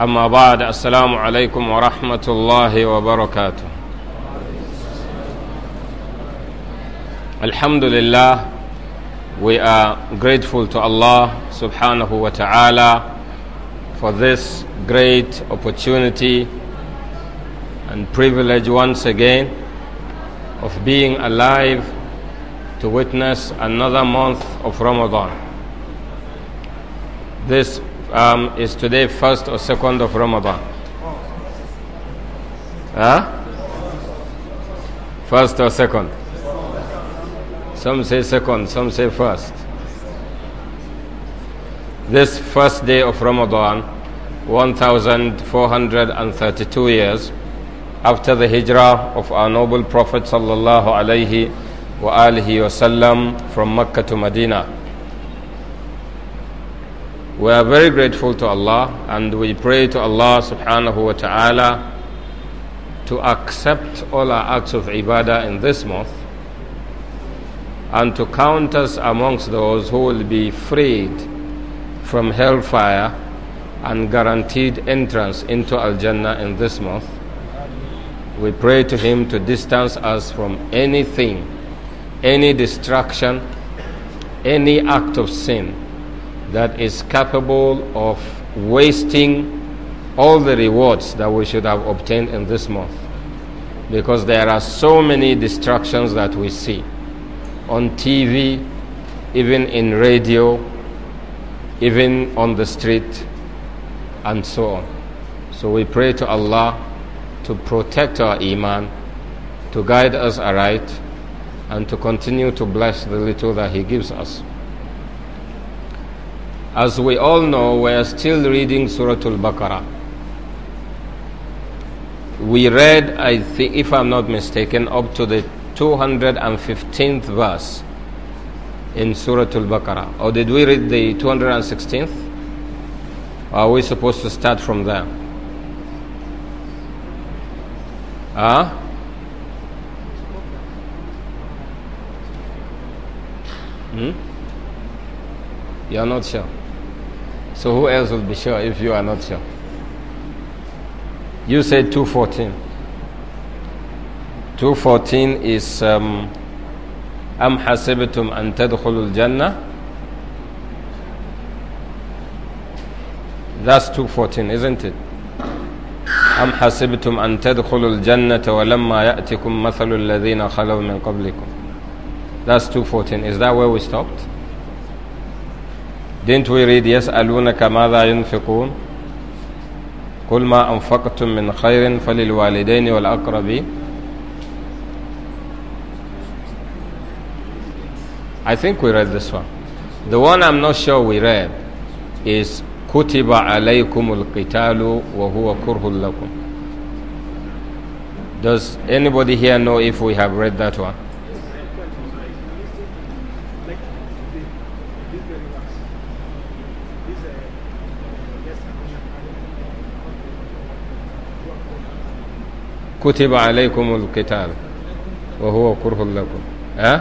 أما بعد السلام عليكم ورحمة الله وبركاته Alhamdulillah we are grateful to Allah subhanahu wa ta'ala for this great opportunity and privilege once again of being alive to witness another month of Ramadan. This um, is today first or second of Ramadan? Huh? First or second? Some say second, some say first. This first day of Ramadan, 1432 years after the hijrah of our noble Prophet sallallahu alaihi wasallam from Mecca to Medina we are very grateful to Allah and we pray to Allah subhanahu wa ta'ala to accept all our acts of ibadah in this month and to count us amongst those who will be freed from hellfire and guaranteed entrance into Al Jannah in this month. We pray to Him to distance us from anything, any distraction, any act of sin that is capable of wasting all the rewards that we should have obtained in this month because there are so many distractions that we see on TV, even in radio, even on the street, and so on. So we pray to Allah to protect our Iman, to guide us aright, and to continue to bless the little that He gives us. As we all know, we are still reading Surah Al-Baqarah. We read, I think, if I'm not mistaken, up to the 215th verse in Surah Al-Baqarah. Or did we read the 216th? Or are we supposed to start from there? Ah? Huh? Hmm? You're not sure. So who else will be sure if you are not sure? You said 214. 214 is um, أم حسبتم أن تدخلوا الجنة That's 214 isn't it أم حسبتم أن تدخلوا الجنة ولما يأتكم مثل الذين خلوا من قبلكم That's 214 Is that where we stopped Didn't we read يسألونك ماذا ينفقون قل ما أنفقتم من خير فللوالدين والأقربين I think we read this one. The one I'm not sure we read is كتب عليكم القتال وهو كره لكم. Does anybody here know if we have read that one? كتب عليكم القتال وهو كره لكم huh?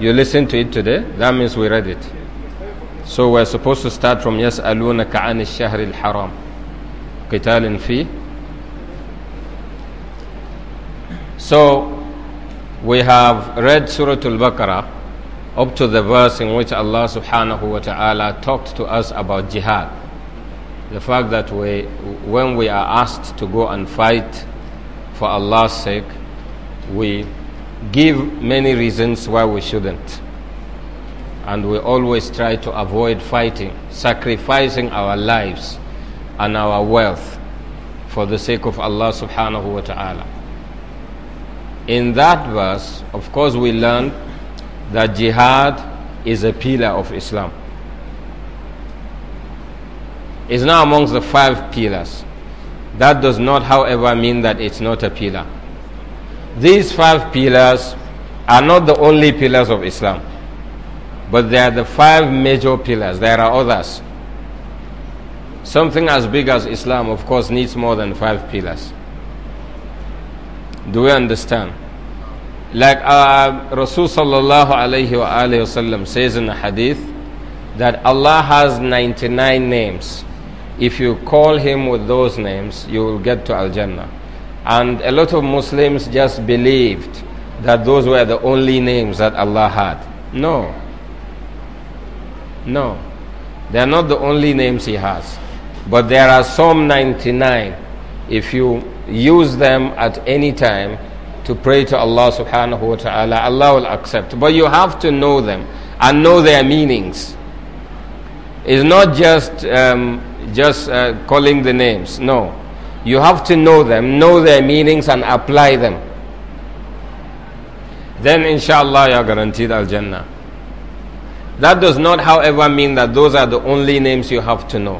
you listen to it today that means we read it so we're supposed to start from يسألونك عن الشهر الحرام قتال فيه so we have read Surah Al-Baqarah up to the verse in which Allah subhanahu wa ta'ala talked to us about jihad. The fact that we, when we are asked to go and fight for Allah's sake, we give many reasons why we shouldn't. And we always try to avoid fighting, sacrificing our lives and our wealth for the sake of Allah subhanahu wa ta'ala. In that verse, of course, we learn that jihad is a pillar of Islam. It's now amongst the five pillars. That does not, however, mean that it's not a pillar. These five pillars are not the only pillars of Islam, but they are the five major pillars. There are others. Something as big as Islam, of course, needs more than five pillars. Do we understand? Like Rasulullah Rasul sallallahu alayhi wa alayhi says in the hadith that Allah has 99 names if you call him with those names, you will get to Al Jannah. And a lot of Muslims just believed that those were the only names that Allah had. No. No. They are not the only names He has. But there are some 99. If you use them at any time to pray to Allah subhanahu wa ta'ala, Allah will accept. But you have to know them and know their meanings. It's not just. Um, just uh, calling the names. No. You have to know them, know their meanings, and apply them. Then, inshallah, you are guaranteed Al Jannah. That does not, however, mean that those are the only names you have to know.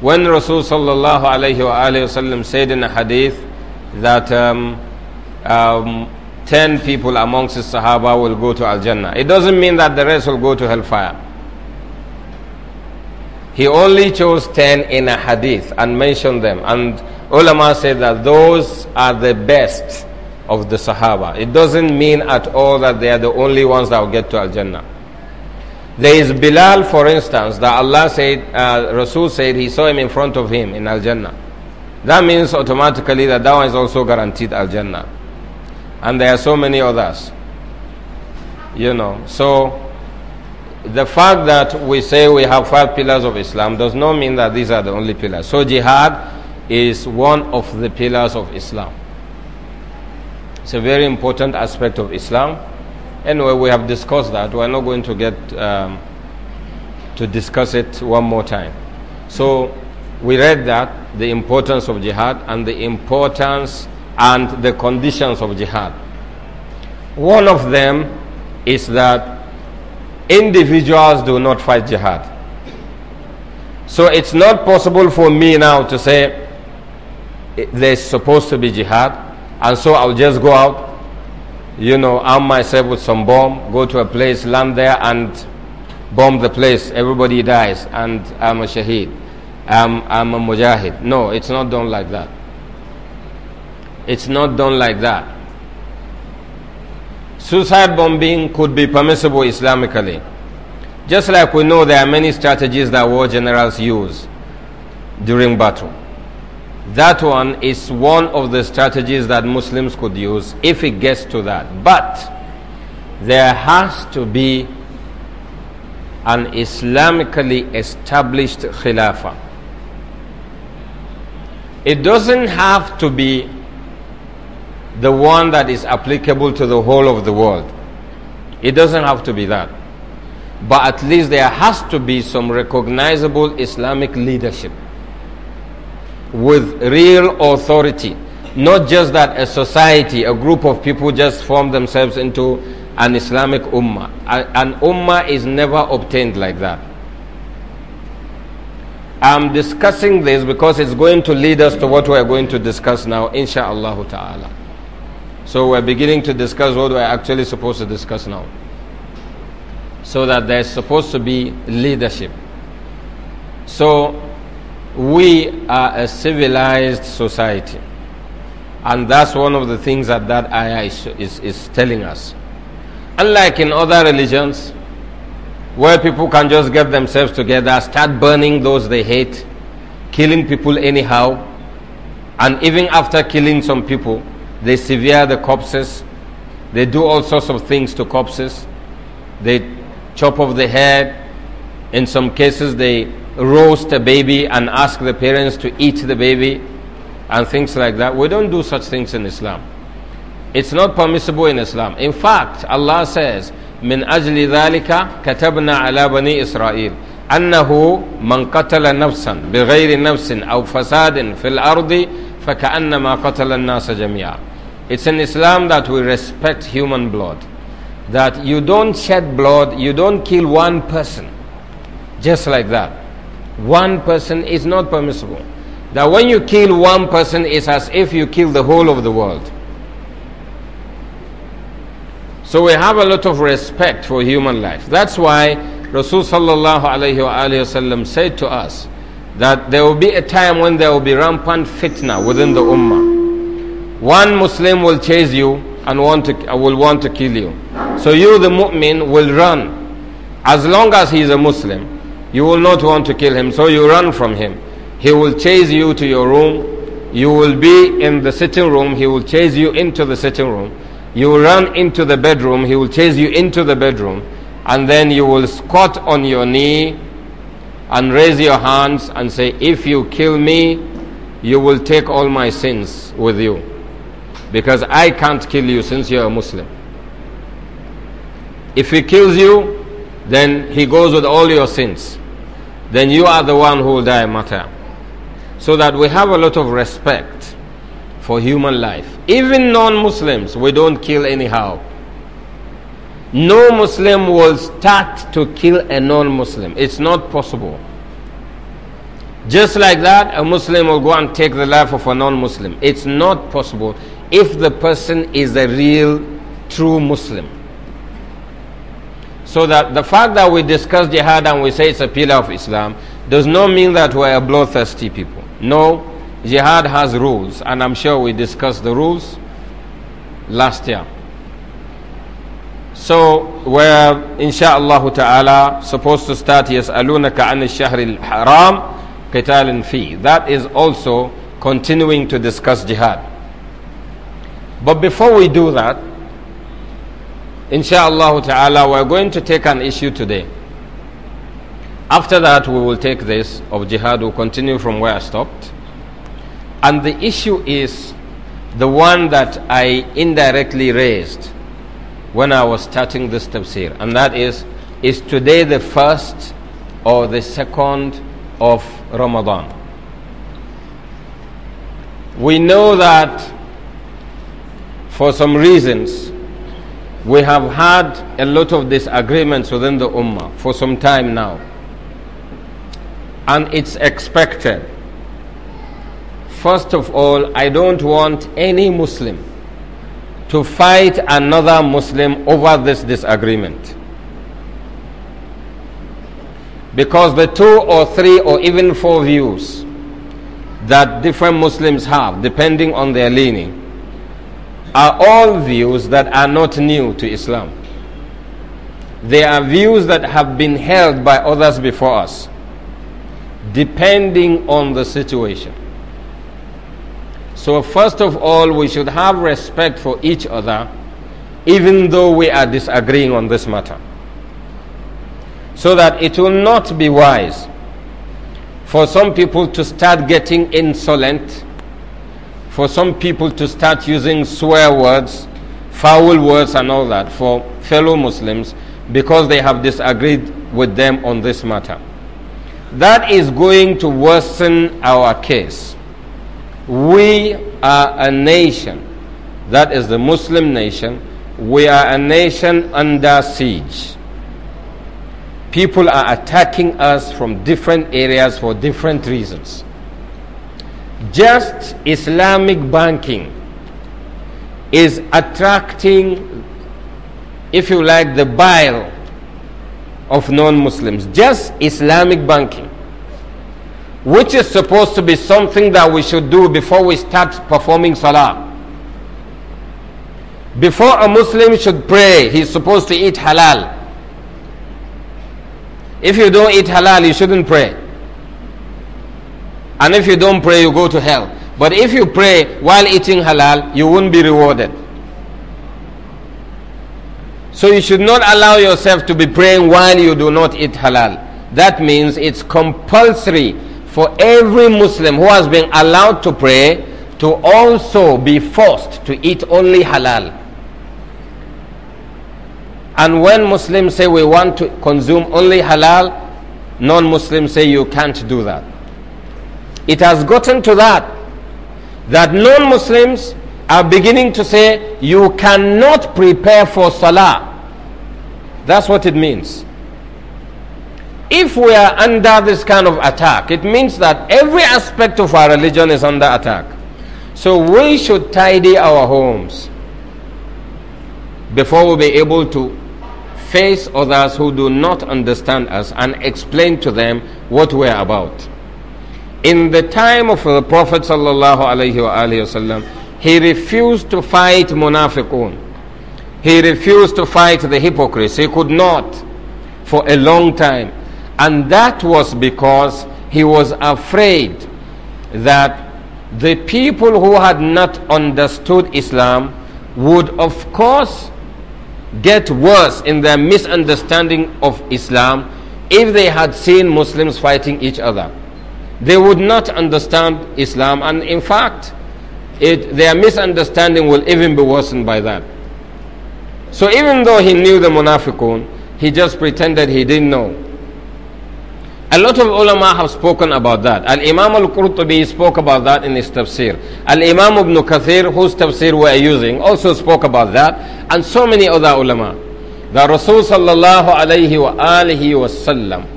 When Rasulullah sallallahu said in a hadith that um, um, 10 people amongst the Sahaba will go to Al Jannah, it doesn't mean that the rest will go to hellfire. He only chose 10 in a hadith and mentioned them. And ulama say that those are the best of the Sahaba. It doesn't mean at all that they are the only ones that will get to Al Jannah. There is Bilal, for instance, that Allah said, uh, Rasul said he saw him in front of him in Al Jannah. That means automatically that that one is also guaranteed Al Jannah. And there are so many others. You know, so the fact that we say we have five pillars of Islam does not mean that these are the only pillars. So, jihad is one of the pillars of Islam. It's a very important aspect of Islam. Anyway, we have discussed that. We're not going to get um, to discuss it one more time. So, we read that the importance of jihad and the importance and the conditions of jihad. One of them is that individuals do not fight jihad. So it's not possible for me now to say eh, there's supposed to be jihad, and so I'll just go out, you know, arm myself with some bomb, go to a place, land there, and bomb the place. Everybody dies, and I'm a shaheed. I'm, I'm a mujahid. No, it's not done like that. It's not done like that. Suicide bombing could be permissible Islamically. Just like we know there are many strategies that war generals use during battle. That one is one of the strategies that Muslims could use if it gets to that. But there has to be an Islamically established Khilafah. It doesn't have to be the one that is applicable to the whole of the world. It doesn't have to be that. But at least there has to be some recognizable Islamic leadership with real authority. Not just that a society, a group of people just form themselves into an Islamic ummah. An ummah is never obtained like that. I'm discussing this because it's going to lead us to what we are going to discuss now, insha'Allah ta'ala. So we're beginning to discuss what we're actually supposed to discuss now. So that there's supposed to be leadership. So we are a civilized society. And that's one of the things that that ayah is, is, is telling us. Unlike in other religions, where people can just get themselves together, start burning those they hate, killing people anyhow, and even after killing some people, they sever the corpses. They do all sorts of things to corpses. They chop off the head. In some cases, they roast a baby and ask the parents to eat the baby and things like that. We don't do such things in Islam. It's not permissible in Islam. In fact, Allah says, "Min أجل ala كتبنا على بني إسرائيل annahu man قتل نفسا بغير نفس أو فساد في الأرض فكأنما قتل الناس جميعا it's in Islam that we respect human blood. That you don't shed blood, you don't kill one person. Just like that. One person is not permissible. That when you kill one person, it's as if you kill the whole of the world. So we have a lot of respect for human life. That's why Rasul said to us that there will be a time when there will be rampant fitna within the ummah. One Muslim will chase you and want to, will want to kill you. So you, the mu'min, will run. As long as he is a Muslim, you will not want to kill him. So you run from him. He will chase you to your room. You will be in the sitting room. He will chase you into the sitting room. You run into the bedroom. He will chase you into the bedroom. And then you will squat on your knee and raise your hands and say, If you kill me, you will take all my sins with you. Because I can't kill you since you're a Muslim. If he kills you, then he goes with all your sins. Then you are the one who will die matter. So that we have a lot of respect for human life. Even non Muslims, we don't kill anyhow. No Muslim will start to kill a non Muslim. It's not possible. Just like that, a Muslim will go and take the life of a non Muslim. It's not possible if the person is a real, true Muslim. So that the fact that we discuss jihad and we say it's a pillar of Islam does not mean that we're a bloodthirsty people. No, jihad has rules, and I'm sure we discussed the rules last year. So we're insha'Allah ta'ala supposed to start alunaka an shahril haram qitalin fi. That is also continuing to discuss jihad. But before we do that, inshallah ta'ala, we're going to take an issue today. After that, we will take this of jihad, we'll continue from where I stopped. And the issue is the one that I indirectly raised when I was starting this tafsir, and that is is today the first or the second of Ramadan. We know that for some reasons, we have had a lot of disagreements within the Ummah for some time now. And it's expected. First of all, I don't want any Muslim to fight another Muslim over this disagreement. Because the two or three or even four views that different Muslims have, depending on their leaning, are all views that are not new to Islam. They are views that have been held by others before us, depending on the situation. So, first of all, we should have respect for each other, even though we are disagreeing on this matter. So that it will not be wise for some people to start getting insolent for some people to start using swear words, foul words, and all that for fellow Muslims because they have disagreed with them on this matter. That is going to worsen our case. We are a nation, that is the Muslim nation. We are a nation under siege. People are attacking us from different areas for different reasons just Islamic banking is attracting, if you like, the bile of non Muslims. Just Islamic banking, which is supposed to be something that we should do before we start performing salah. Before a Muslim should pray, he's supposed to eat halal. If you don't eat halal, you shouldn't pray. And if you don't pray, you go to hell. But if you pray while eating halal, you won't be rewarded. So you should not allow yourself to be praying while you do not eat halal. That means it's compulsory for every Muslim who has been allowed to pray to also be forced to eat only halal. And when Muslims say we want to consume only halal, non Muslims say you can't do that it has gotten to that that non Muslims are beginning to say you cannot prepare for Salah. That's what it means. If we are under this kind of attack, it means that every aspect of our religion is under attack. So we should tidy our homes before we be able to face others who do not understand us and explain to them what we are about in the time of the Prophet وسلم, he refused to fight munafiqun. He refused to fight the hypocrites. He could not for a long time. And that was because he was afraid that the people who had not understood Islam would, of course, get worse in their misunderstanding of Islam if they had seen Muslims fighting each other they would not understand Islam. And in fact, it, their misunderstanding will even be worsened by that. So even though he knew the munafiqun, he just pretended he didn't know. A lot of ulama have spoken about that. Al Imam al Qurtubi spoke about that in his tafsir. Al Imam ibn Kathir, whose tafsir we are using, also spoke about that, and so many other ulama. The Rasul sallallahu alayhi wa alihi wa sallam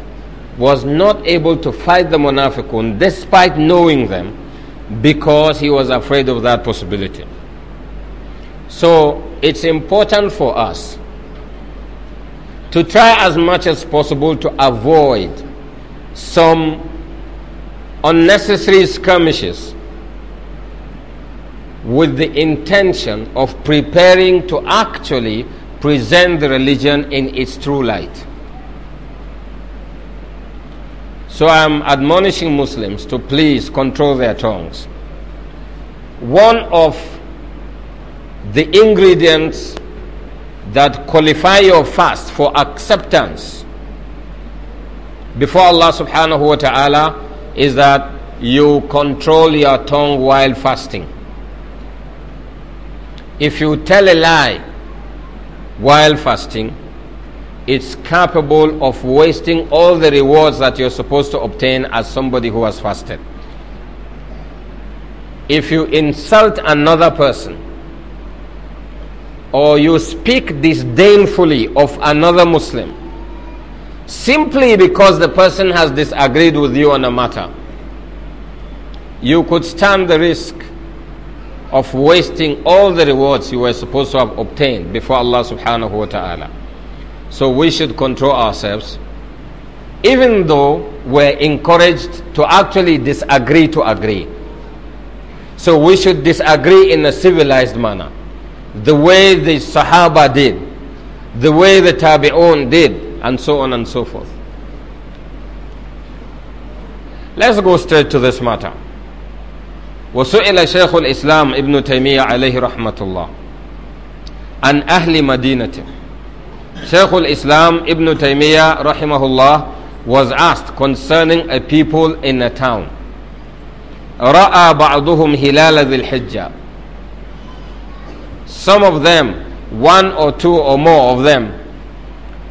was not able to fight the munafiqun despite knowing them because he was afraid of that possibility. So it's important for us to try as much as possible to avoid some unnecessary skirmishes with the intention of preparing to actually present the religion in its true light. So I am admonishing Muslims to please control their tongues. One of the ingredients that qualify your fast for acceptance before Allah subhanahu wa ta'ala is that you control your tongue while fasting. If you tell a lie while fasting, it's capable of wasting all the rewards that you're supposed to obtain as somebody who has fasted. If you insult another person, or you speak disdainfully of another Muslim, simply because the person has disagreed with you on a matter, you could stand the risk of wasting all the rewards you were supposed to have obtained before Allah subhanahu wa ta'ala. So we should control ourselves, even though we're encouraged to actually disagree to agree. So we should disagree in a civilized manner. The way the Sahaba did, the way the Tabi'un did, and so on and so forth. Let's go straight to this matter. وسئل شيخ الإسلام ابن تيمية عليه رحمة الله عن أهل مدينته Shaykhul Islam Ibn Taymiyyah rahimahullah was asked concerning a people in a town. رأى بعضهم هلال ذي الحجة. Some of them, one or two or more of them,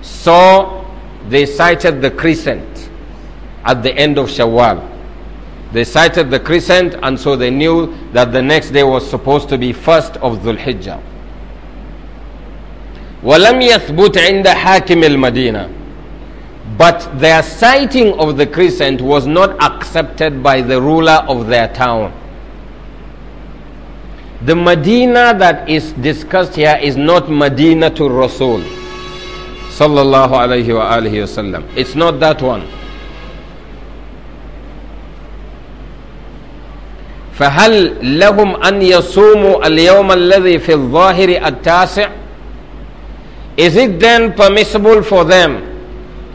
saw they sighted the crescent at the end of Shawwal. They sighted the crescent and so they knew that the next day was supposed to be first of Dhul Hijjah. ولم يثبت عند حاكم المدينة but their sighting of the crescent was not accepted by the ruler of their town the Medina that is discussed here is not Medina to Rasul sallallahu alayhi wa alihi وسلم it's not that one فهل لهم أن يصوموا اليوم الذي في الظاهر التاسع Is it then permissible for them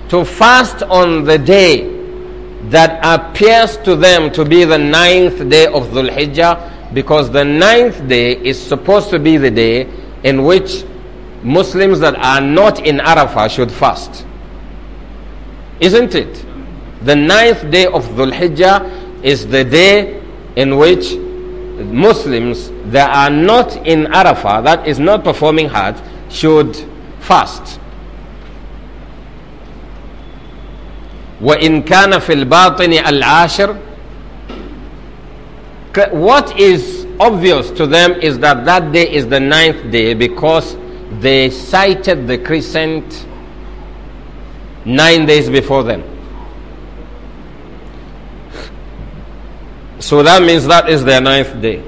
to fast on the day that appears to them to be the ninth day of Dhul Hijjah? Because the ninth day is supposed to be the day in which Muslims that are not in Arafah should fast. Isn't it? The ninth day of Dhul Hijjah is the day in which Muslims that are not in Arafah, that is not performing Hajj, should fast. وَإِنْ كَانَ فِي الْبَاطِنِ الْعَاشِرِ What is obvious to them is that that day is the ninth day because they sighted the crescent nine days before them. So that means that is their ninth day.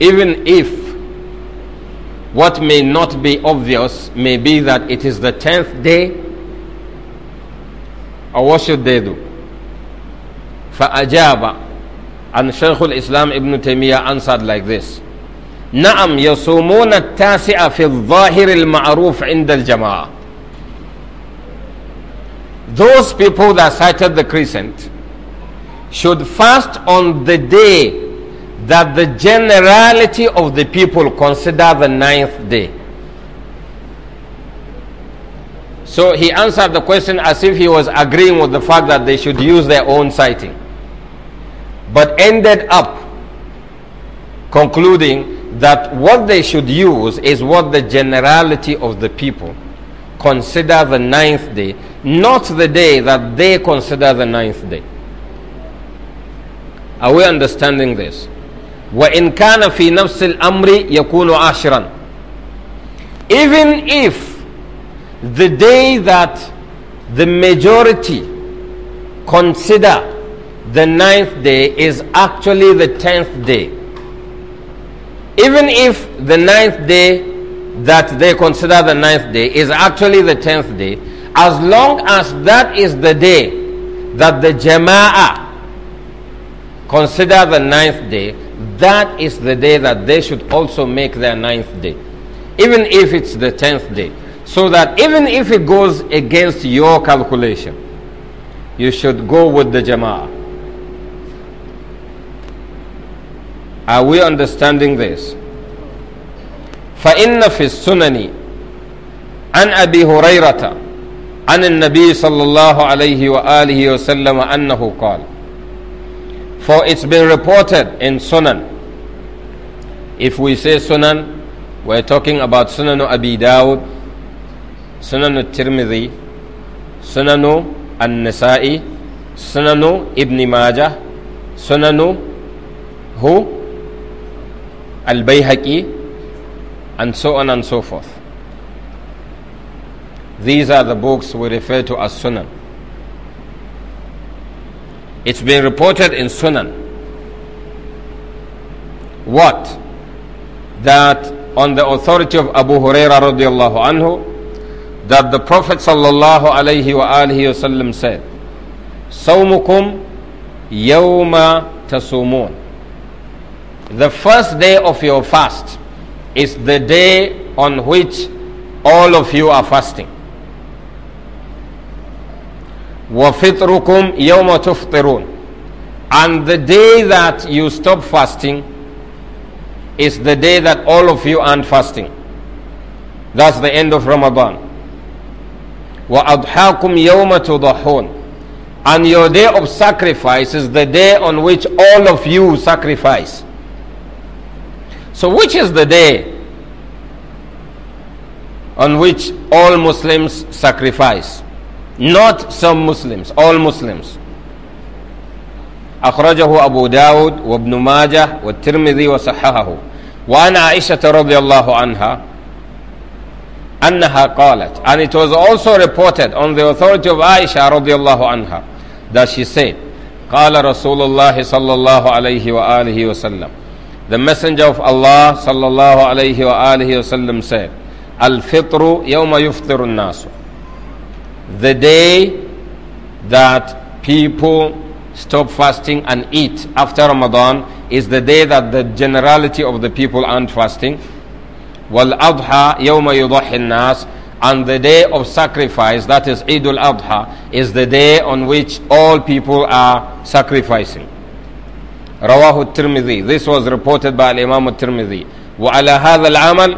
Even if what may not be obvious may be that it is the tenth day. Or what should they do? فأجاب and Shaykh al-Islam Ibn Taymiyyah answered like this نعم يصومون التاسع في الظاهر المعروف عند الجماعة Those people that sighted the crescent should fast on the day that the generality of the people consider the ninth day. So he answered the question as if he was agreeing with the fact that they should use their own sighting, but ended up concluding that what they should use is what the generality of the people consider the ninth day, not the day that they consider the ninth day. Are we understanding this? وَإِنْ كَانَ فِي نَفْسِ الْأَمْرِ يَكُونُ Even if the day that the majority consider the ninth day is actually the tenth day. Even if the ninth day that they consider the ninth day is actually the tenth day, as long as that is the day that the Jama'ah consider the ninth day, that is the day that they should also make their ninth day, even if it's the tenth day. So that even if it goes against your calculation, you should go with the Jama'ah. Are we understanding this? فإن في السنن عن أبي هريرة عن النبي صلى الله عليه وآله وسلم أنه قال for it's been reported in Sunan. If we say Sunan, we're talking about Sunan Abi Dawud, Sunan Tirmidhi, Sunan An-Nasa'i, Sunan Ibn Majah, Sunan who? Al-Bayhaqi, and so on and so forth. These are the books we refer to as Sunan. It's been reported in Sunan. What? That on the authority of Abu Huraira radiallahu anhu, that the Prophet sallallahu alayhi wa alihi wasallam said, Sawmukum yawma tasumun. The first day of your fast is the day on which all of you are fasting. وَفِطْرُكُمْ يَوْمَ تُفْطِرُونَ And the day that you stop fasting is the day that all of you aren't fasting. That's the end of Ramadan. وَأَضْحَاكُمْ يَوْمَ تُضَحُونَ And your day of sacrifice is the day on which all of you sacrifice. So which is the day on which all Muslims sacrifice? Not some Muslims, all Muslims. أخرجه أبو داود وابن ماجه والترمذي وصححه وعن عائشة رضي الله عنها أنها قالت and it was also reported on the authority of Aisha رضي الله عنها that she said قال رسول الله صلى الله عليه وآله وسلم The messenger of Allah صلى الله عليه وآله وسلم said الفطر يوم يفطر الناس the day that people stop fasting and eat after Ramadan is the day that the generality of the people aren't fasting. وَالْأَضْحَى يَوْمَ يُضَحِ النَّاسِ And the day of sacrifice, that is Eid al-Adha, is the day on which all people are sacrificing. رواه الترمذي This was reported by Imam الترمذي وعلى هذا العمل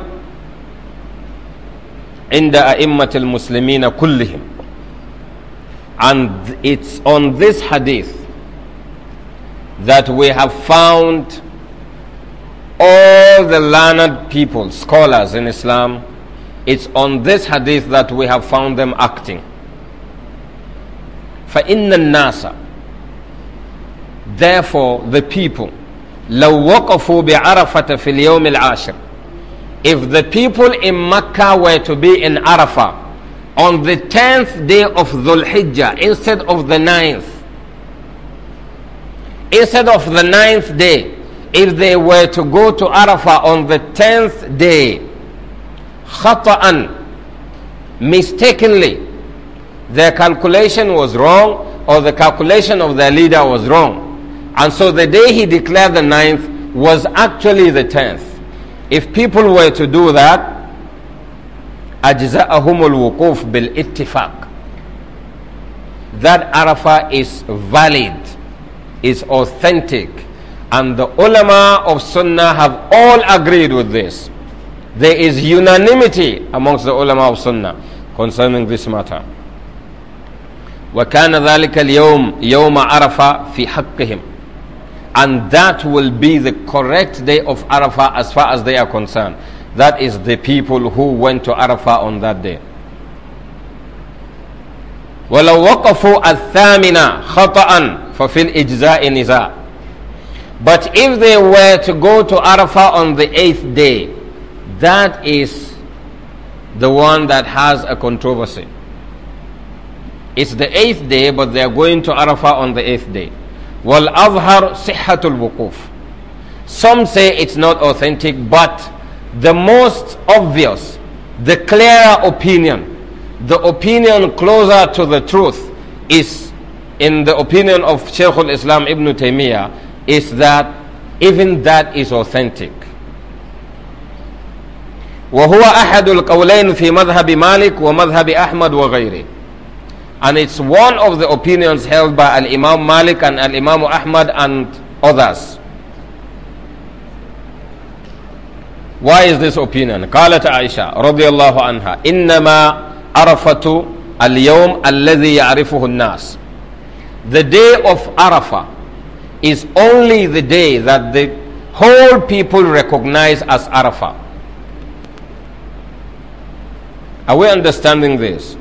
عند أئمة المسلمين كلهم and it's on this hadith that we have found all the learned people, scholars in Islam. It's on this hadith that we have found them acting. فَإِنَّ النَّاسَ Therefore, the people, لَوْ وَقَفُوا بِعَرَفَةَ فِي الْيَوْمِ الْعَاشِرِ If the people in Mecca were to be in Arafah on the 10th day of Dhul Hijjah instead of the 9th. Instead of the 9th day, if they were to go to Arafah on the 10th day, khata'an, mistakenly, their calculation was wrong or the calculation of their leader was wrong. And so the day he declared the 9th was actually the 10th. If people were to do that, that Arafah is valid is authentic and the ulama of sunnah have all agreed with this there is unanimity amongst the ulama of sunnah concerning this matter وكان ذلك اليوم يوم عرفة في حقهم and that will be the correct day of Arafah as far as they are concerned that is the people who went to Arafah on that day. ولو وقفوا الثامنة خطأ ففي الإجزاء نزاع But if they were to go to Arafah on the eighth day, that is the one that has a controversy. It's the eighth day, but they are going to Arafah on the eighth day. Well, azhar صحة الوقوف. Some say it's not authentic, but the most obvious, the clearer opinion, the opinion closer to the truth is, in the opinion of Shaykh al-Islam Ibn Taymiyyah, is that even that is authentic. وهو أحد القولين في مذهب مالك ومذهب أحمد وغيره and it's one of the opinions held by Al-Imam Malik and Al-Imam Ahmad and others Why is this opinion? قالت عائشة رضي الله عنها إنما عرفة اليوم الذي يعرفه الناس The day of Arafah is only the day that the whole people recognize as Arafah. Are we understanding this?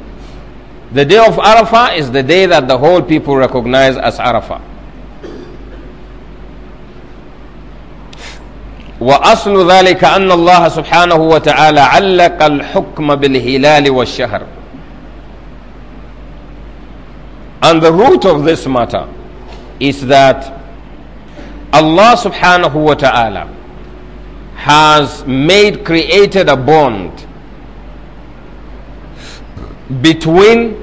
The day of Arafah is the day that the whole people recognize as Arafah. وأصل ذلك أن الله سبحانه وتعالى علق الحكم بالهلال والشهر And the root of this matter is that Allah subhanahu wa ta'ala has made, created a bond between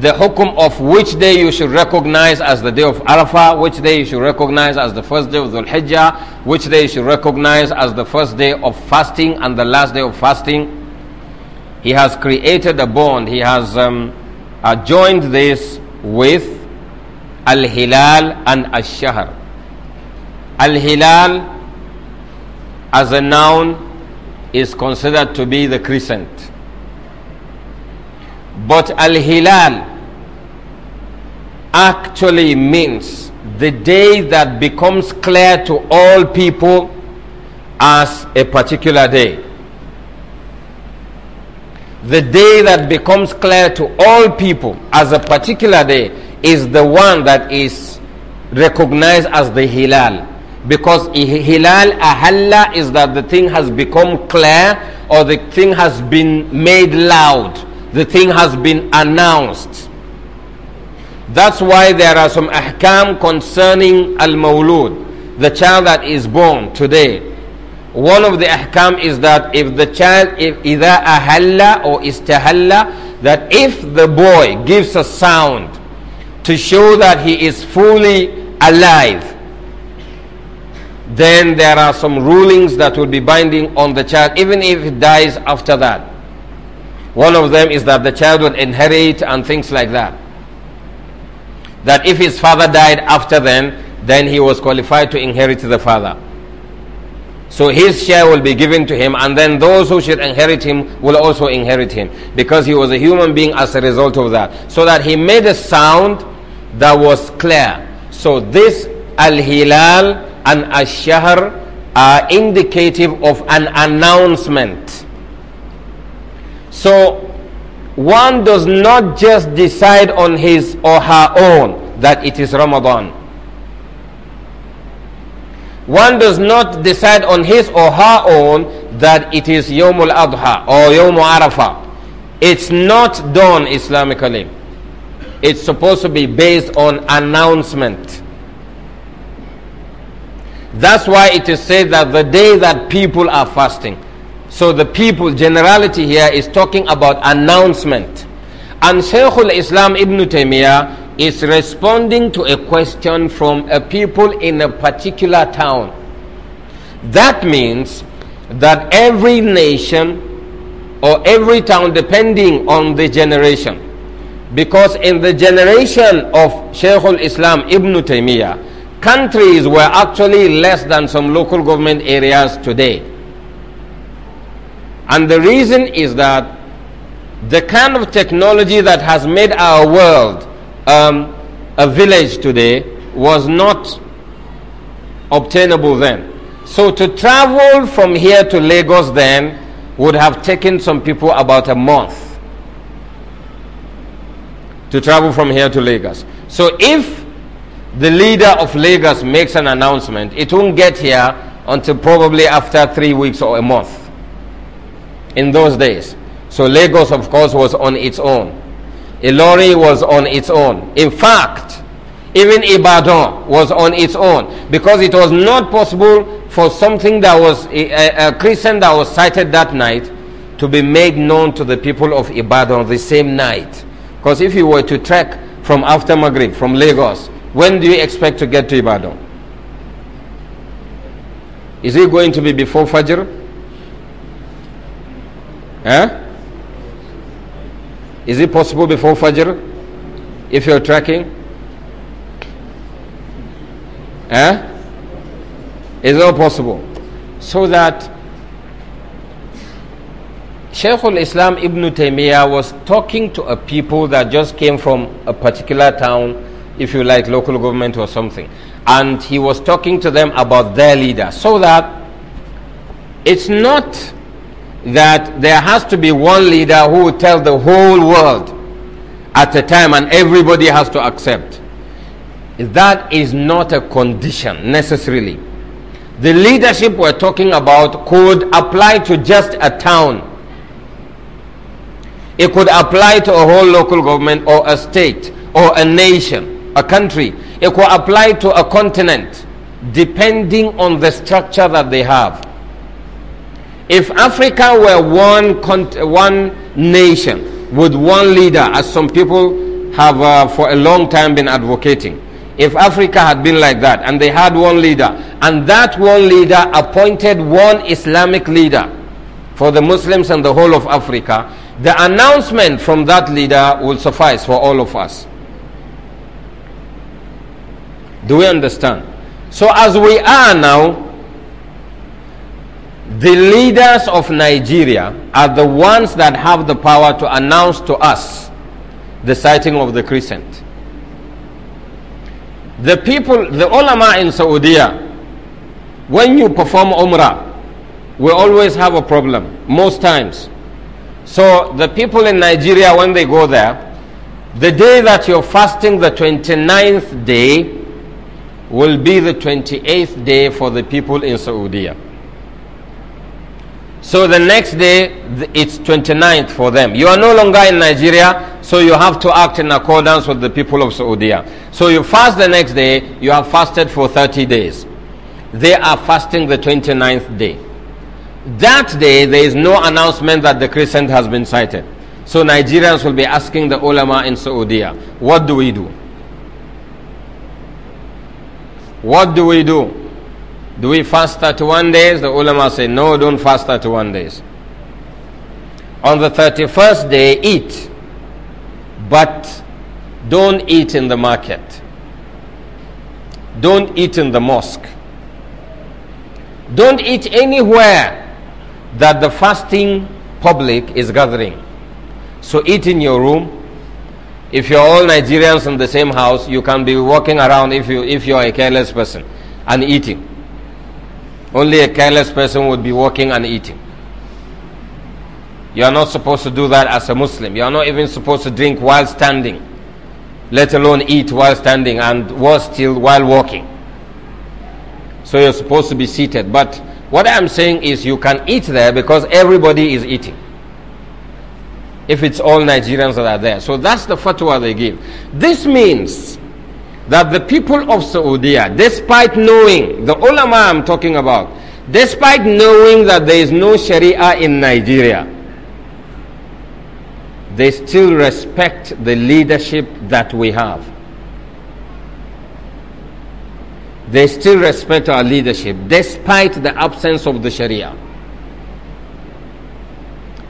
the hukum of which day you should recognize as the day of Arafah, which day you should recognize as the first day of Dhul Hijjah, which day you should recognize as the first day of fasting and the last day of fasting. He has created a bond, he has um, uh, joined this with Al Hilal and Al Shahr. Al Hilal as a noun is considered to be the crescent but Al Hilal actually means the day that becomes clear to all people as a particular day. The day that becomes clear to all people as a particular day is the one that is recognized as the Hilal. Because Hilal, Ahalla is that the thing has become clear or the thing has been made loud the thing has been announced. That's why there are some ahkam concerning al mawlud, the child that is born today. One of the ahkam is that if the child, if either ahalla or istahalla, that if the boy gives a sound to show that he is fully alive, then there are some rulings that will be binding on the child, even if he dies after that. One of them is that the child would inherit and things like that. That if his father died after them, then he was qualified to inherit the father. So his share will be given to him, and then those who should inherit him will also inherit him because he was a human being as a result of that. So that he made a sound that was clear. So this Al Hilal and Ash are indicative of an announcement. So one does not just decide on his or her own that it is Ramadan. One does not decide on his or her own that it is Yomul Adha or Yomul Arafah. It's not done Islamically. It's supposed to be based on announcement. That's why it is said that the day that people are fasting, so the people, generality here is talking about announcement. And Shaykhul Islam Ibn Taymiyyah is responding to a question from a people in a particular town. That means that every nation or every town, depending on the generation, because in the generation of Shaykhul Islam Ibn Taymiyyah, countries were actually less than some local government areas today. And the reason is that the kind of technology that has made our world um, a village today was not obtainable then. So to travel from here to Lagos then would have taken some people about a month to travel from here to Lagos. So if the leader of Lagos makes an announcement, it won't get here until probably after three weeks or a month in those days. So Lagos, of course, was on its own. Ilori was on its own. In fact, even Ibadan was on its own because it was not possible for something that was a, a, a Christian that was sighted that night to be made known to the people of Ibadan the same night. Because if you were to trek from after Maghrib, from Lagos, when do you expect to get to Ibadan? Is it going to be before Fajr? Eh? Is it possible before Fajr if you're tracking? Eh? Is it possible? So that Shaykh al-Islam Ibn Taymiyyah was talking to a people that just came from a particular town, if you like, local government or something. And he was talking to them about their leader. So that it's not that there has to be one leader who will tell the whole world at a time and everybody has to accept. That is not a condition necessarily. The leadership we're talking about could apply to just a town. It could apply to a whole local government or a state or a nation, a country. It could apply to a continent depending on the structure that they have. If Africa were one, one nation with one leader, as some people have uh, for a long time been advocating, if Africa had been like that and they had one leader, and that one leader appointed one Islamic leader for the Muslims and the whole of Africa, the announcement from that leader will suffice for all of us. Do we understand? So, as we are now, the leaders of Nigeria are the ones that have the power to announce to us the sighting of the crescent. The people, the ulama in Saudi, when you perform umrah, we always have a problem, most times. So the people in Nigeria, when they go there, the day that you're fasting, the 29th day, will be the 28th day for the people in Saudi Arabia. So the next day, it's 29th for them. You are no longer in Nigeria, so you have to act in accordance with the people of Saudi. So you fast the next day, you have fasted for 30 days. They are fasting the 29th day. That day, there is no announcement that the crescent has been sighted. So Nigerians will be asking the ulama in Saudi, what do we do? What do we do? Do we fast 31 days? The ulama say, no, don't fast 31 days. On the 31st day, eat, but don't eat in the market. Don't eat in the mosque. Don't eat anywhere that the fasting public is gathering. So eat in your room. If you're all Nigerians in the same house, you can be walking around if you if you are a careless person and eating. Only a careless person would be walking and eating. You are not supposed to do that as a Muslim. You are not even supposed to drink while standing, let alone eat while standing, and worse still, while walking. So you're supposed to be seated. But what I'm saying is you can eat there because everybody is eating. If it's all Nigerians that are there. So that's the fatwa they give. This means that the people of Saudi, despite knowing, the ulama I'm talking about, despite knowing that there is no Sharia in Nigeria, they still respect the leadership that we have. They still respect our leadership despite the absence of the Sharia.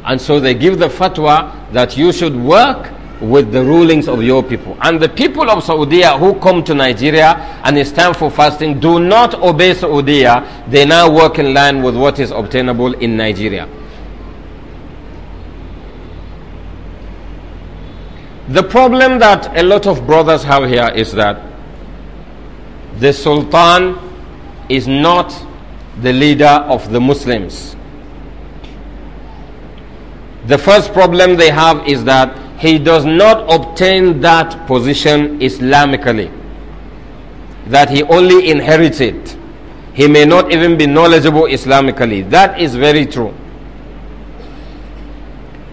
And so they give the fatwa that you should work with the rulings of your people. And the people of Saudi who come to Nigeria and it's time for fasting do not obey Saudi. They now work in line with what is obtainable in Nigeria. The problem that a lot of brothers have here is that the Sultan is not the leader of the Muslims. The first problem they have is that he does not obtain that position Islamically, that he only inherits it. He may not even be knowledgeable Islamically. That is very true.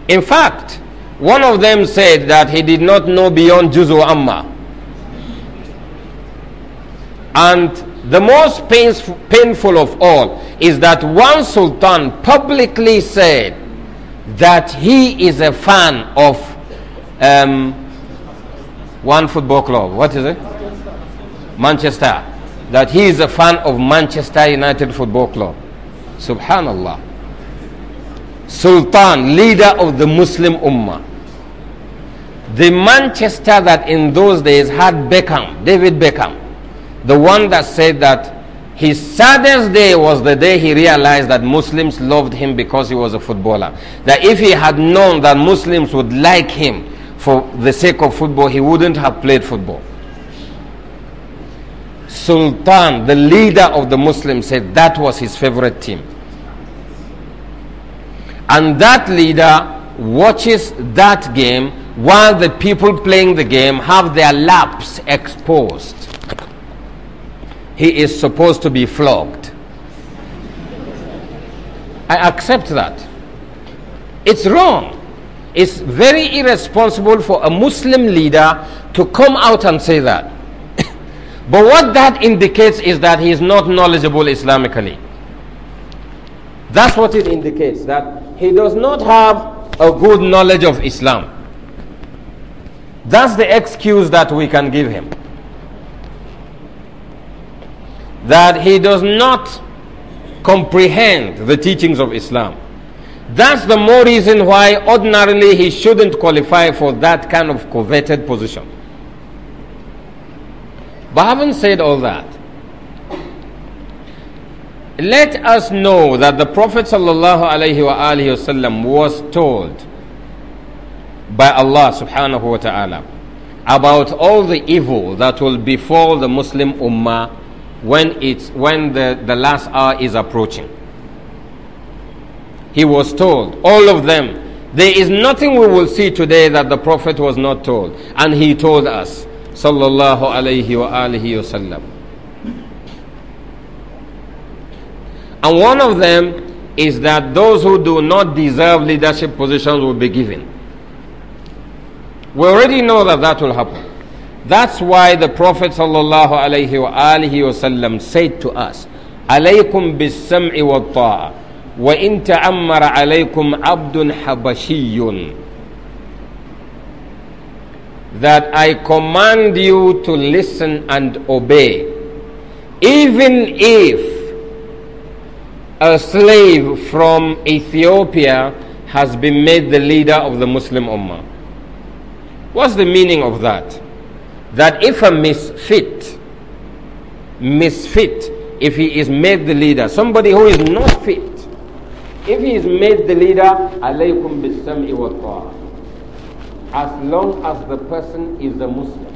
In fact, one of them said that he did not know beyond Juzu Amma. And the most painful of all is that one sultan publicly said that he is a fan of um, one football club. What is it? Manchester. That he is a fan of Manchester United Football Club. Subhanallah. Sultan, leader of the Muslim Ummah. The Manchester that in those days had Beckham, David Beckham, the one that said that his saddest day was the day he realized that Muslims loved him because he was a footballer. That if he had known that Muslims would like him, for the sake of football, he wouldn't have played football. Sultan, the leader of the Muslims, said that was his favorite team. And that leader watches that game while the people playing the game have their laps exposed. He is supposed to be flogged. I accept that. It's wrong. It's very irresponsible for a Muslim leader to come out and say that. but what that indicates is that he is not knowledgeable Islamically. That's what it indicates, that he does not have a good knowledge of Islam. That's the excuse that we can give him. That he does not comprehend the teachings of Islam. That's the more reason why ordinarily he shouldn't qualify for that kind of coveted position. But having said all that, let us know that the Prophet ﷺ was told by Allah subhanahu wa ta'ala about all the evil that will befall the Muslim Ummah when, it's, when the, the last hour is approaching he was told. All of them. There is nothing we will see today that the Prophet was not told. And he told us. Sallallahu alayhi wa alihi wasallam. And one of them is that those who do not deserve leadership positions will be given. We already know that that will happen. That's why the Prophet sallallahu alayhi wa alihi wasallam said to us, alaykum bis sam'i ta'a. وإن تأمر عليكم عبد حبشي that I command you to listen and obey even if a slave from Ethiopia has been made the leader of the Muslim Ummah what's the meaning of that that if a misfit misfit if he is made the leader somebody who is not fit if he is made the leader, alaykum bisam'i wa As long as the person is a Muslim.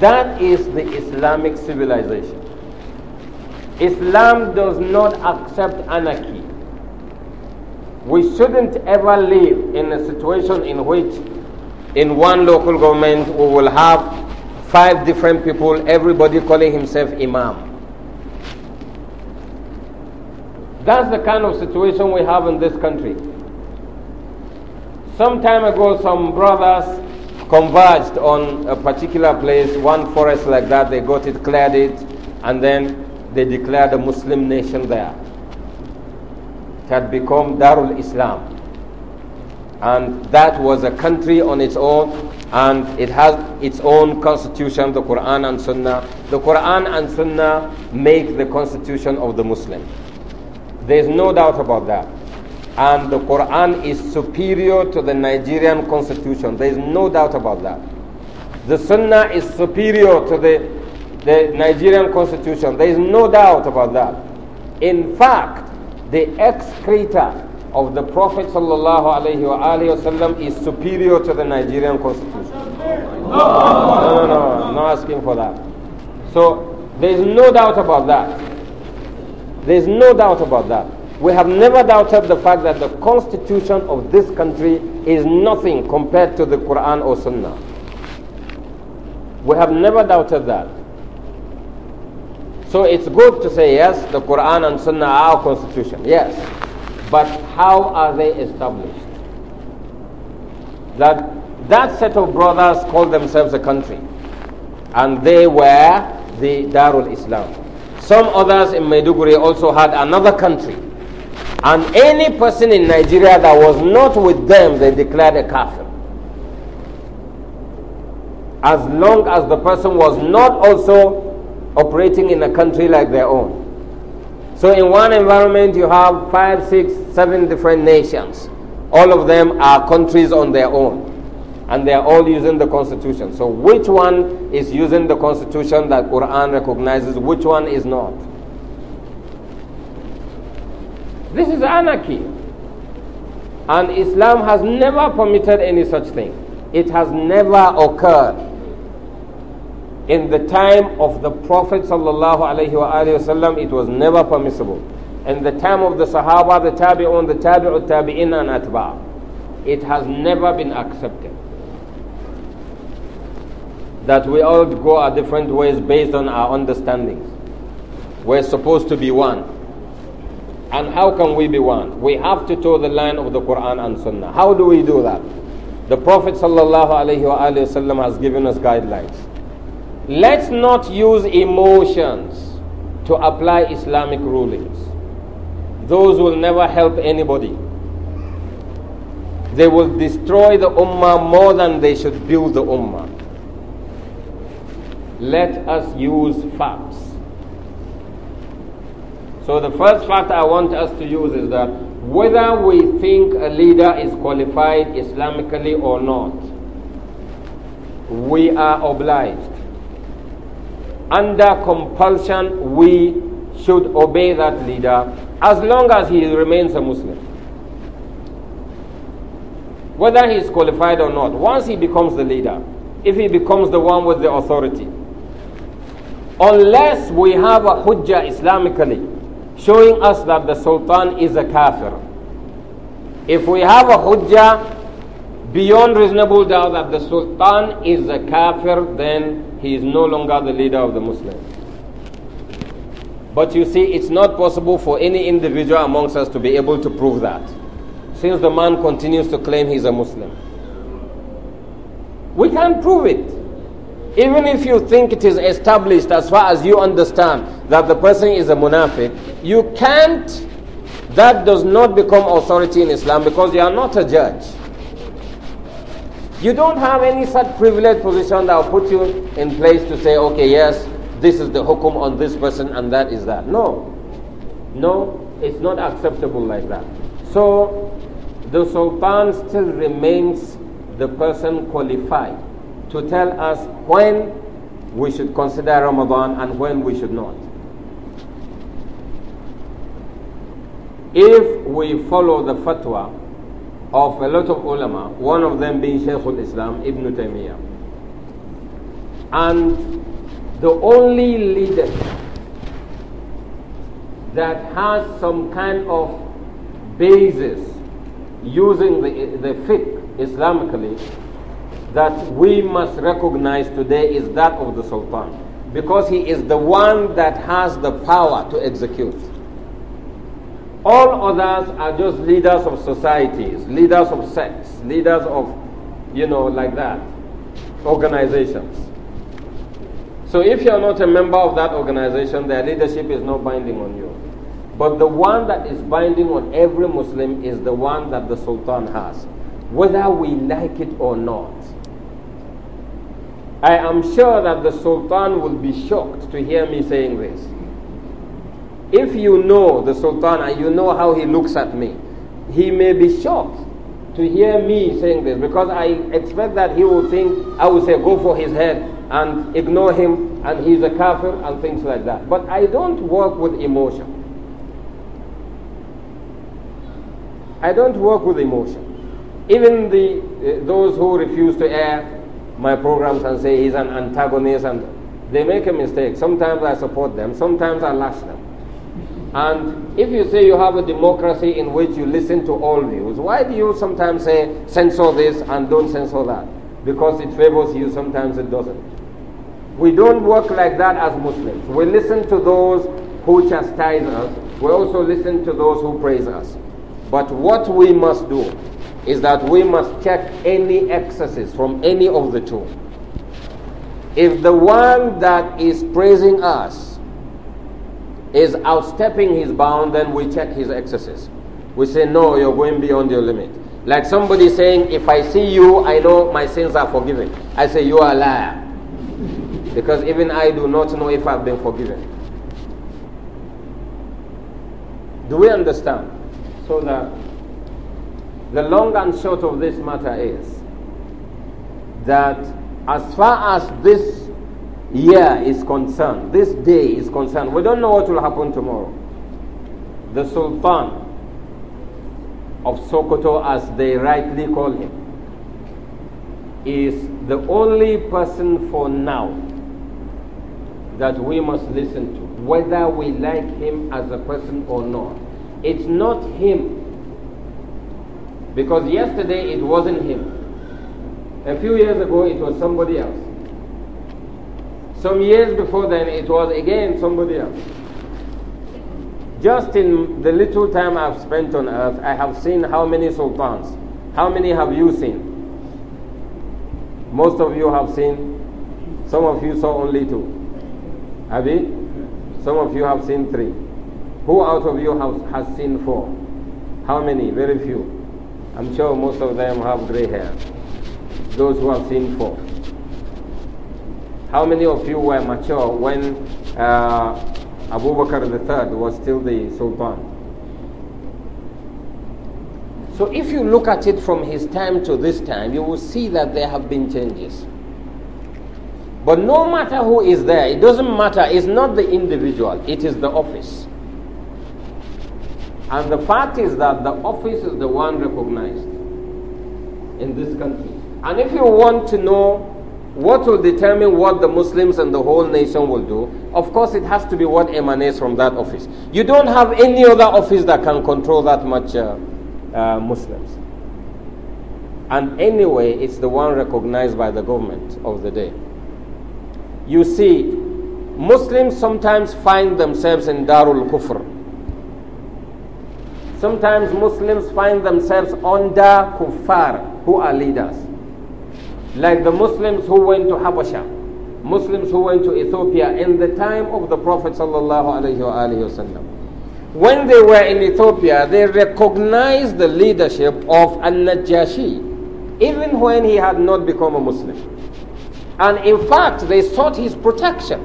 That is the Islamic civilization. Islam does not accept anarchy. We shouldn't ever live in a situation in which in one local government we will have five different people, everybody calling himself Imam. That's the kind of situation we have in this country. Some time ago, some brothers converged on a particular place, one forest like that. They got it, cleared it, and then they declared a Muslim nation there. It had become Darul Islam. And that was a country on its own, and it has its own constitution, the Quran and Sunnah. The Quran and Sunnah make the constitution of the Muslim. There is no doubt about that. And the Quran is superior to the Nigerian constitution. There is no doubt about that. The Sunnah is superior to the, the Nigerian constitution. There is no doubt about that. In fact, the excreta of the Prophet وسلم, is superior to the Nigerian constitution. No, no, no, no, asking for that. So there is no doubt about that. There is no doubt about that. We have never doubted the fact that the constitution of this country is nothing compared to the Quran or Sunnah. We have never doubted that. So it's good to say, yes, the Quran and Sunnah are our constitution. Yes. But how are they established? That, that set of brothers called themselves a country. And they were the Darul Islam. Some others in Maiduguri also had another country. And any person in Nigeria that was not with them, they declared a kafir. As long as the person was not also operating in a country like their own. So, in one environment, you have five, six, seven different nations. All of them are countries on their own and they are all using the constitution. So which one is using the constitution that Quran recognizes, which one is not? This is anarchy. And Islam has never permitted any such thing. It has never occurred in the time of the Prophet sallallahu it was never permissible. In the time of the Sahaba, the Tabi'un, the Tabi'ut Tabi'in and Atba, it has never been accepted that we all go our different ways based on our understandings. We're supposed to be one. And how can we be one? We have to toe the line of the Quran and Sunnah. How do we do that? The Prophet ﷺ has given us guidelines. Let's not use emotions to apply Islamic rulings. Those will never help anybody. They will destroy the Ummah more than they should build the Ummah. Let us use facts. So the first fact I want us to use is that whether we think a leader is qualified Islamically or not, we are obliged. Under compulsion, we should obey that leader as long as he remains a Muslim. Whether he is qualified or not, once he becomes the leader, if he becomes the one with the authority, unless we have a hujjah Islamically showing us that the sultan is a kafir. If we have a hujjah beyond reasonable doubt that the sultan is a kafir, then he is no longer the leader of the Muslims. But you see, it's not possible for any individual amongst us to be able to prove that, since the man continues to claim he's a Muslim. We can't prove it. Even if you think it is established as far as you understand that the person is a munafiq, you can't, that does not become authority in Islam because you are not a judge. You don't have any such privileged position that will put you in place to say, okay, yes, this is the hukum on this person and that is that. No. No, it's not acceptable like that. So, the sultan still remains the person qualified to tell us when we should consider Ramadan and when we should not. If we follow the fatwa of a lot of ulama, one of them being Shaykh al-Islam, Ibn Taymiyyah, and the only leader that has some kind of basis using the, the fiqh Islamically that we must recognize today is that of the Sultan. Because he is the one that has the power to execute. All others are just leaders of societies, leaders of sects, leaders of, you know, like that, organizations. So if you're not a member of that organization, their leadership is not binding on you. But the one that is binding on every Muslim is the one that the Sultan has, whether we like it or not. I am sure that the Sultan will be shocked to hear me saying this. If you know the Sultan and you know how he looks at me, he may be shocked to hear me saying this because I expect that he will think I will say go for his head and ignore him and he's a kafir and things like that. But I don't work with emotion. I don't work with emotion. Even the uh, those who refuse to air my programs and say he's an antagonist and they make a mistake. Sometimes I support them, sometimes I lash them. And if you say you have a democracy in which you listen to all views, why do you sometimes say censor this and don't censor that? Because it favors you, sometimes it doesn't. We don't work like that as Muslims. We listen to those who chastise us, we also listen to those who praise us. But what we must do is that we must check any excesses from any of the two. If the one that is praising us is outstepping his bound, then we check his excesses. We say, No, you're going beyond your limit. Like somebody saying, If I see you, I know my sins are forgiven. I say, You are a liar. Because even I do not know if I've been forgiven. Do we understand? So that the long and short of this matter is that as far as this year is concerned, this day is concerned, we don't know what will happen tomorrow. The Sultan of Sokoto, as they rightly call him, is the only person for now that we must listen to, whether we like him as a person or not. It's not him because yesterday it wasn't him. A few years ago it was somebody else. Some years before then it was again somebody else. Just in the little time I've spent on earth, I have seen how many sultans. How many have you seen? Most of you have seen. Some of you saw only two. Have you? Some of you have seen three. Who out of you have, has seen four? How many? Very few. I'm sure most of them have gray hair, those who have seen four. How many of you were mature when uh, Abu Bakr III was still the Sultan? So if you look at it from his time to this time, you will see that there have been changes. But no matter who is there, it doesn't matter. It's not the individual, it is the office. And the fact is that the office is the one recognized in this country. And if you want to know what will determine what the Muslims and the whole nation will do, of course, it has to be what emanates from that office. You don't have any other office that can control that much uh, uh, Muslims. And anyway, it's the one recognized by the government of the day. You see, Muslims sometimes find themselves in Darul Kufr Sometimes Muslims find themselves under kuffar who are leaders. Like the Muslims who went to Habasha, Muslims who went to Ethiopia in the time of the Prophet sallallahu When they were in Ethiopia, they recognized the leadership of al najashi even when he had not become a Muslim. And in fact, they sought his protection.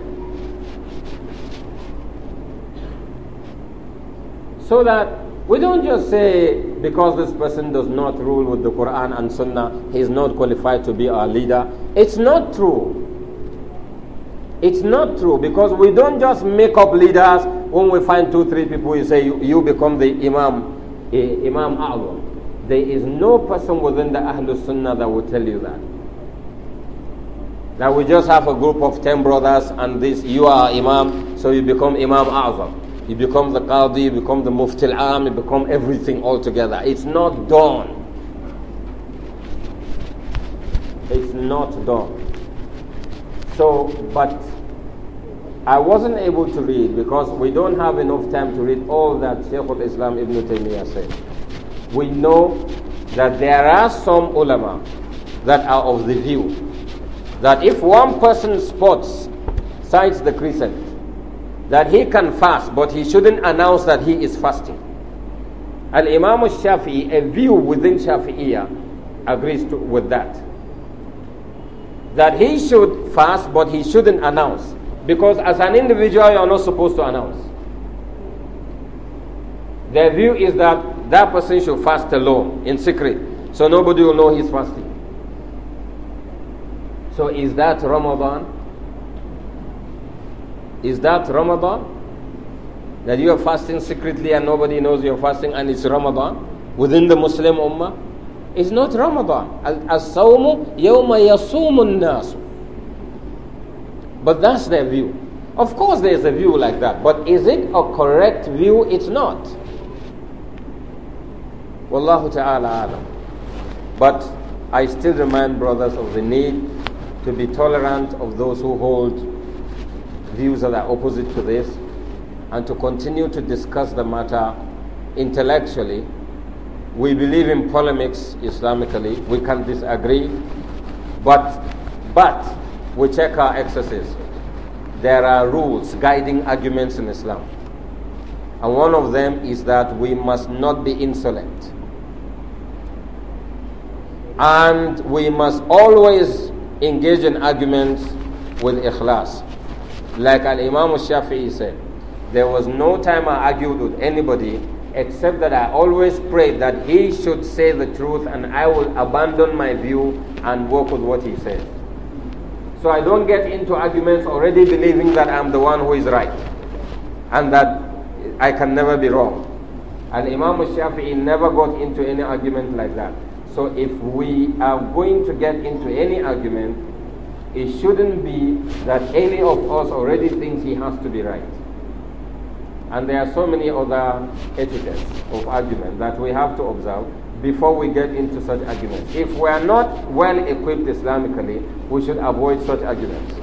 So that we don't just say because this person does not rule with the Quran and Sunnah, he is not qualified to be our leader. It's not true. It's not true because we don't just make up leaders when we find two, three people, you say you, you become the Imam, eh, Imam A'lam. There is no person within the Ahlul Sunnah that will tell you that that we just have a group of 10 brothers and this you are imam so you become imam azam you become the Qadi, you become the Mufti al-Am, you become everything altogether. It's not done. It's not done. So, but I wasn't able to read because we don't have enough time to read all that Shaykh al-Islam Ibn Taymiyyah said. We know that there are some ulama that are of the view that if one person spots, cites the crescent, that he can fast, but he shouldn't announce that he is fasting. Al Imam Shafi'i, a view within Shafi'iyah, agrees to, with that. That he should fast, but he shouldn't announce. Because as an individual, you are not supposed to announce. Their view is that that person should fast alone, in secret, so nobody will know he's fasting. So is that Ramadan? Is that Ramadan? That you are fasting secretly and nobody knows you're fasting and it's Ramadan within the Muslim Ummah? It's not Ramadan. As-sawmu yawma yasumun nasu. But that's their view. Of course there is a view like that. But is it a correct view? It's not. Wallahu ta'ala alam. But I still remind brothers of the need to be tolerant of those who hold views that are opposite to this and to continue to discuss the matter intellectually. We believe in polemics Islamically. We can disagree, but but we check our excesses. There are rules guiding arguments in Islam. And one of them is that we must not be insolent. And we must always engage in arguments with ikhlas. Like Al Imam Shafi'i said, there was no time I argued with anybody except that I always prayed that he should say the truth and I will abandon my view and work with what he says. So I don't get into arguments already believing that I'm the one who is right and that I can never be wrong. And Imam Shafi'i never got into any argument like that. So if we are going to get into any argument, it shouldn't be that any of us already thinks he has to be right. And there are so many other etiquettes of argument that we have to observe before we get into such arguments. If we are not well equipped Islamically, we should avoid such arguments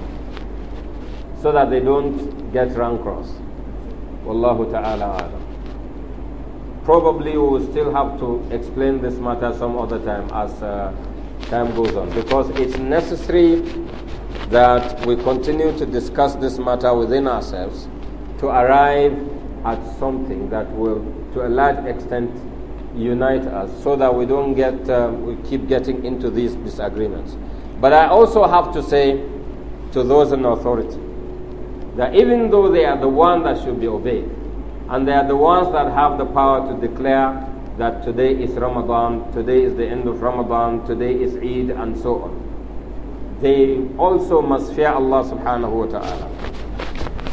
so that they don't get run cross. Wallahu ta'ala Probably we will still have to explain this matter some other time as uh, time goes on because it's necessary that we continue to discuss this matter within ourselves to arrive at something that will, to a large extent, unite us so that we don't get, um, we keep getting into these disagreements. But I also have to say to those in authority that even though they are the ones that should be obeyed, and they are the ones that have the power to declare that today is Ramadan, today is the end of Ramadan, today is Eid, and so on they also must fear Allah subhanahu wa ta'ala.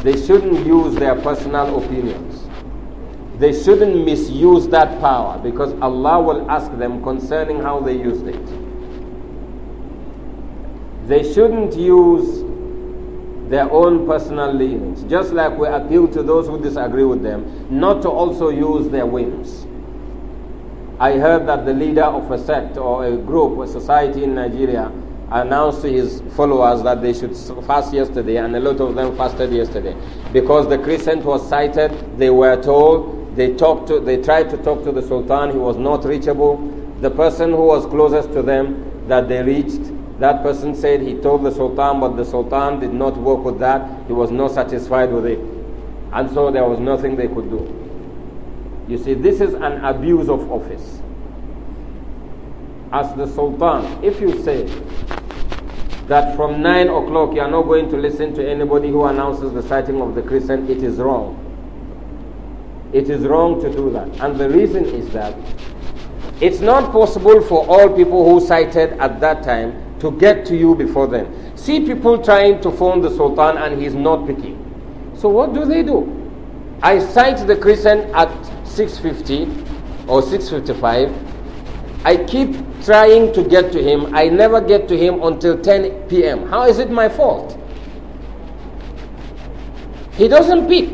They shouldn't use their personal opinions. They shouldn't misuse that power because Allah will ask them concerning how they used it. They shouldn't use their own personal leanings, just like we appeal to those who disagree with them, not to also use their whims. I heard that the leader of a sect or a group or society in Nigeria announced to his followers that they should fast yesterday, and a lot of them fasted yesterday. Because the crescent was sighted, they were told, they, talked to, they tried to talk to the Sultan, he was not reachable. The person who was closest to them that they reached, that person said he told the Sultan, but the Sultan did not work with that, he was not satisfied with it. And so there was nothing they could do. You see, this is an abuse of office as the Sultan, if you say that from 9 o'clock you are not going to listen to anybody who announces the sighting of the crescent, it is wrong. It is wrong to do that. And the reason is that it's not possible for all people who sighted at that time to get to you before them. See people trying to phone the Sultan and he's not picking. So what do they do? I sight the crescent at 6.50 or 6.55 I keep trying to get to him. I never get to him until 10 p.m. How is it my fault? He doesn't pick.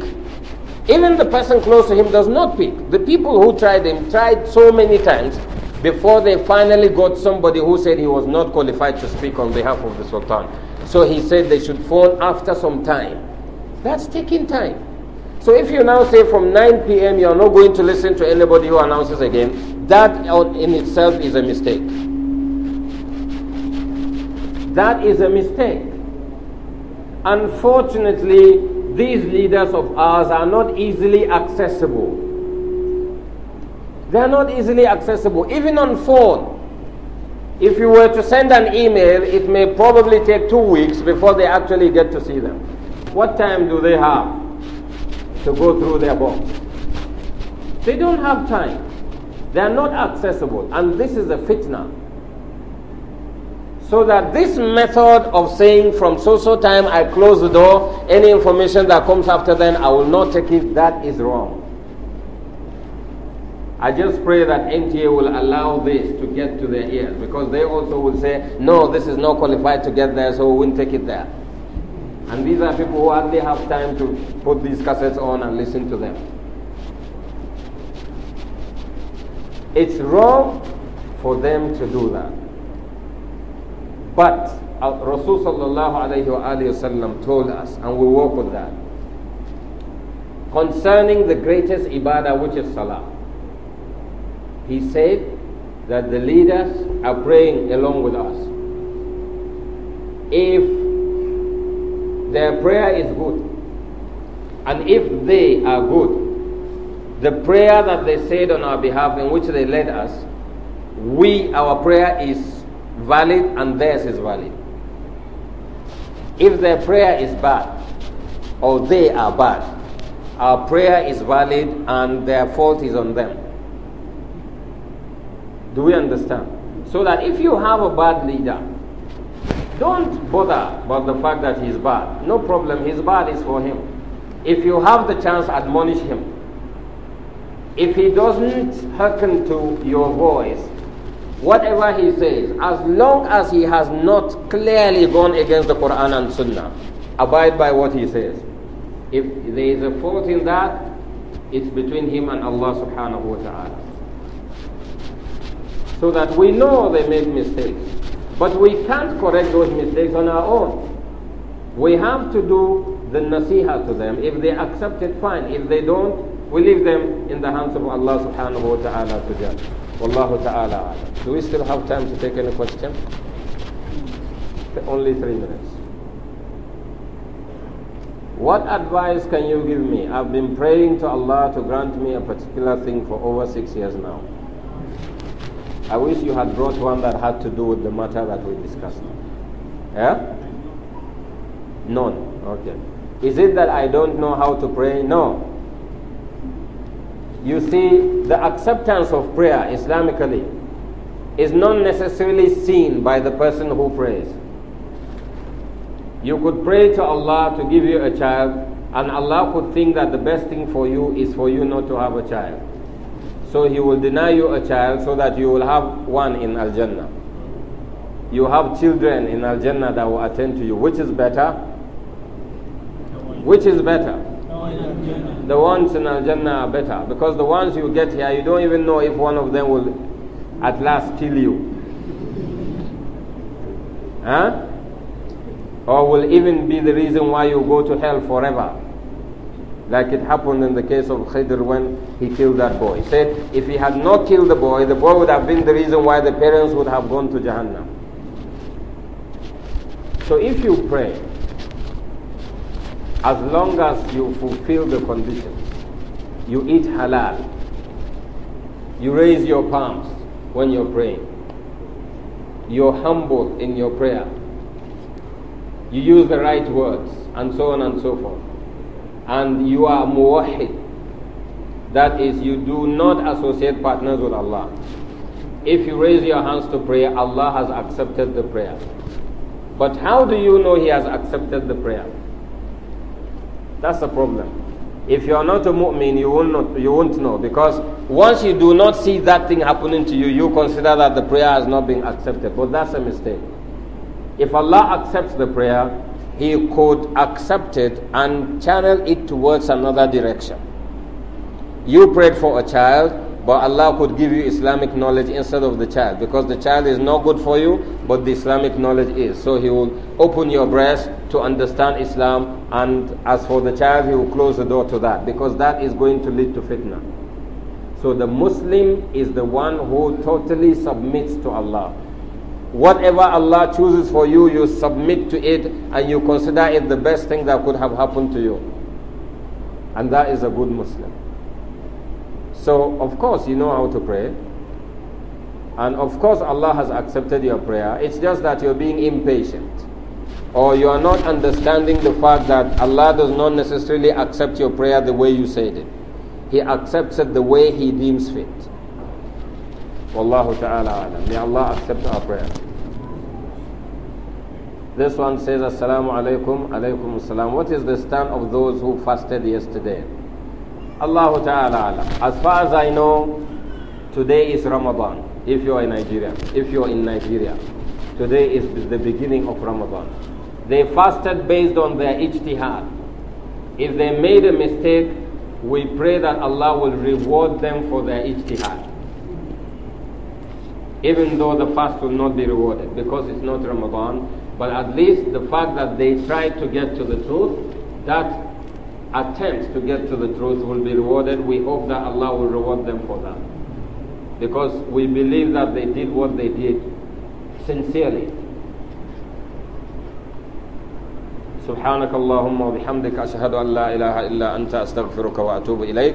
Even the person close to him does not pick. The people who tried him tried so many times before they finally got somebody who said he was not qualified to speak on behalf of the Sultan. So he said they should phone after some time. That's taking time. So if you now say from 9 p.m. you are not going to listen to anybody who announces again, that in itself is a mistake. That is a mistake. Unfortunately, these leaders of ours are not easily accessible. They are not easily accessible, even on phone. If you were to send an email, it may probably take two weeks before they actually get to see them. What time do they have? to go through their box. They don't have time. They are not accessible. And this is a fitna. So that this method of saying from so so time I close the door, any information that comes after then I will not take it, that is wrong. I just pray that MTA will allow this to get to their ears because they also will say, no, this is not qualified to get there, so we won't take it there. And these are people who hardly have time to put these cassettes on and listen to them. It's wrong for them to do that. But uh, Rasul sallallahu told us, and we work with that, concerning the greatest ibadah, which is salah. He said that the leaders are praying along with us. If their prayer is good. And if they are good, the prayer that they said on our behalf, in which they led us, we, our prayer is valid and theirs is valid. If their prayer is bad, or they are bad, our prayer is valid and their fault is on them. Do we understand? So that if you have a bad leader, don't bother about the fact that he's bad. No problem, his bad is for him. If you have the chance, admonish him. If he doesn't hearken to your voice, whatever he says, as long as he has not clearly gone against the Quran and Sunnah, abide by what he says. If there is a fault in that, it's between him and Allah subhanahu wa ta'ala. So that we know they made mistakes. But we can't correct those mistakes on our own. We have to do the nasiha to them. If they accept it, fine. If they don't, we leave them in the hands of Allah subhanahu wa ta'ala to judge. Wallahu ta'ala Do we still have time to take any question? Only three minutes. What advice can you give me? I've been praying to Allah to grant me a particular thing for over six years now. I wish you had brought one that had to do with the matter that we discussed. Yeah? None. Okay. Is it that I don't know how to pray? No. You see, the acceptance of prayer Islamically is not necessarily seen by the person who prays. You could pray to Allah to give you a child, and Allah could think that the best thing for you is for you not to have a child. So he will deny you a child so that you will have one in Al Jannah. You have children in Al Jannah that will attend to you. Which is better? Which is better? The ones in Al Jannah are better because the ones you get here, you don't even know if one of them will at last kill you. Huh? Or will even be the reason why you go to hell forever like it happened in the case of Khidr when he killed that boy. He said if he had not killed the boy, the boy would have been the reason why the parents would have gone to Jahannam. So if you pray, as long as you fulfill the conditions, you eat halal, you raise your palms when you're praying, you're humble in your prayer, you use the right words, and so on and so forth and you are muwahid. That is, you do not associate partners with Allah. If you raise your hands to pray, Allah has accepted the prayer. But how do you know He has accepted the prayer? That's the problem. If you are not a mu'min, you won't, not, you won't know. Because once you do not see that thing happening to you, you consider that the prayer has not been accepted. But that's a mistake. If Allah accepts the prayer, he could accept it and channel it towards another direction. You prayed for a child, but Allah could give you Islamic knowledge instead of the child because the child is not good for you, but the Islamic knowledge is. So He will open your breast to understand Islam, and as for the child, He will close the door to that because that is going to lead to fitna. So the Muslim is the one who totally submits to Allah Whatever Allah chooses for you, you submit to it and you consider it the best thing that could have happened to you. And that is a good Muslim. So, of course, you know how to pray. And of course, Allah has accepted your prayer. It's just that you're being impatient. Or you are not understanding the fact that Allah does not necessarily accept your prayer the way you said it. He accepts it the way He deems fit. Wallahu ta'ala alam. May Allah accept our prayer. This one says, Assalamu alaikum, alaikum assalam. What is the stand of those who fasted yesterday? Allahu ta'ala alam. As far as I know, today is Ramadan. If you are in Nigeria, if you are in Nigeria, today is the beginning of Ramadan. They fasted based on their ijtihad. If they made a mistake, we pray that Allah will reward them for their ijtihad even though the fast will not be rewarded because it's not Ramadan. But at least the fact that they tried to get to the truth, that attempt to get to the truth will be rewarded. We hope that Allah will reward them for that. Because we believe that they did what they did sincerely. سبحانك اللهم وبحمدك أشهد أن لا إله إلا أنت أستغفرك وأتوب إليك